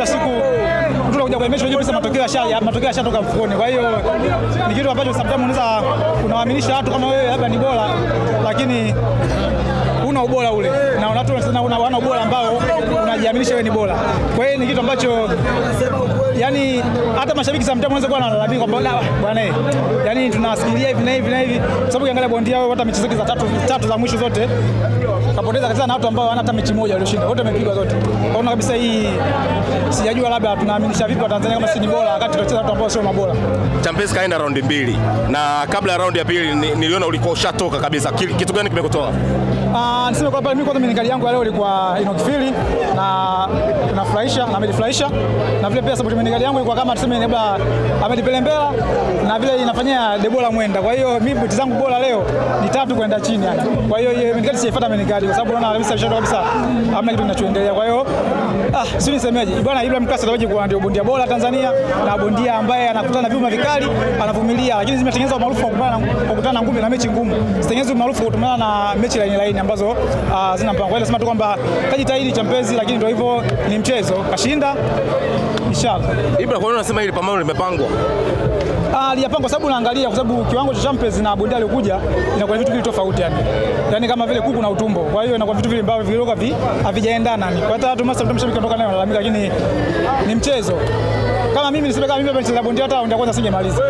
kila siku mtu anakuja kubadilisha mechi unajua matokeo yasha matokeo yasha toka mfukoni. Kwa hiyo ni kitu ambacho sometimes unaweza unawaaminisha watu kama wewe labda ni bora, lakini una ubora ule na watu wanasema una wana ubora ambao unajiaminisha wewe ni bora. Kwa hiyo ni kitu ambacho yani hata mashabiki sometimes wanaweza kuwa na kwa kwamba bwana eh, yani tunawasikilia hivi na hivi na hivi, kwa sababu ukiangalia bondia wao hata mechi zake za tatu tatu za mwisho zote kapoteza kabisa na watu ambao wana hata mechi moja walioshinda wote wamepigwa zote. Unaona kabisa hii sijajua labda tunaaminisha vipi Watanzania kama si ni bora wakati tunacheza watu ambao sio mabora. Champions kaenda raundi mbili na kabla ya raundi ya pili niliona ulikuwa ushatoka kabisa. Kitu gani kimekutoa? Uh, niseme kwa mimi kwanza mikali yangu ya leo ilikuwa inokifili na nafurahisha na amejifurahisha na vile pia sababu mikali yangu ilikuwa kama tuseme labda amejipelembea na vile inafanyia debola mwenda. Kwa hiyo mimi biti zangu bora leo ni tatu kwenda chini yani. Kwa hiyo hiyo mikali sifuata mikali kwa sababu naona kabisa kabisa hamna kitu kinachoendelea. Kwa hiyo Ah, si nisemeje bwana, Ibrahim Kasa ataweje kuwa ndio bondia bora Tanzania na bondia ambaye anakutana na vyuma vikali anavumilia, lakini zimetengeneza maarufu kwa kukutana na ngumi na mechi ngumu, zitengenezwa maarufu kutumana na mechi laini laini ambazo ah, zina mpango. Yaani nasema tu kwamba kajitahidi champezi, lakini ndio hivyo, ni mchezo, kashinda inshallah. Ibrahim, kwa nini unasema hili pambano limepangwa? Ah, aliyapanga kwa sababu naangalia kwa sababu kiwango cha Champions na bondia alikuja inakuwa vitu vile tofauti yani. Yaani kama vile kuku na utumbo. Kwa hiyo inakuwa vitu vile ambavyo viloka vi havijaendana. Kwa hata watu masa mtamshabiki kutoka nayo lalamika lakini ni mchezo. Kama mimi nisipe kama mimi nimecheza bondia hata ndio ya kwanza singemaliza.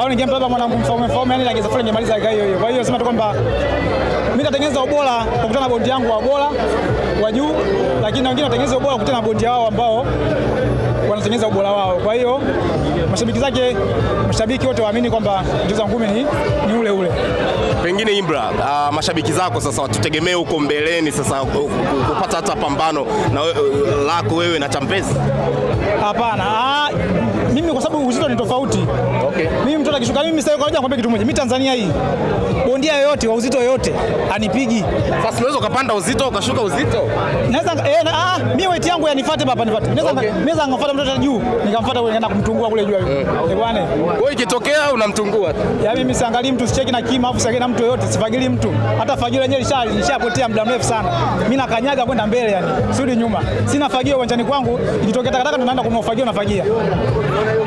Au ningempa labda mwanangu mfaume mfaume yani angeza fulani ngemaliza hiyo hiyo. Kwa hiyo sema tu kwamba mimi natengeneza ubora kwa kukutana na bondia yangu wa bora wa juu, lakini wengine natengeneza ubora kukutana na bondia wao ambao wanatengeneza ubora wao. Kwa hiyo mashabiki zake, mashabiki wote waamini kwamba mchezo wa ngumi ni, ni ule ule. Pengine Ibra, uh, ah, mashabiki zako sasa watutegemee huko mbeleni sasa kupata hata pambano na we, uh, lako wewe na Champezi? Hapana, ah, mimi kwa sababu uzito ni tofauti. Okay. Mimi mtu akishuka mimi sasa kwa kwambia kitu moja. Mimi Tanzania hii bondia yoyote wa uzito yoyote anipigi. Sasa unaweza ukapanda uzito ukashuka uzito? Naweza eh, ah, mimi weight yangu yanifate baba nifate. Naweza naweza ngafuata mtoto juu, nikamfuata kule, nenda kumtungua kule juu. Eh bwana, wewe ikitokea unamtungua Ya mimi siangalii mtu, sicheki na kima, afu siangalii na mtu yoyote, sifagili mtu. Hata fagio lenyewe nishapotea muda mrefu sana. Mimi nakanyaga kwenda mbele yani, sudi nyuma. Sina fagio uwanjani kwangu, ikitokea takataka tunaenda kumfagia na fagia.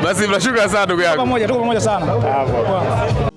Basi tunashukuru sana ndugu yangu. pamoja, tuko pamoja sana.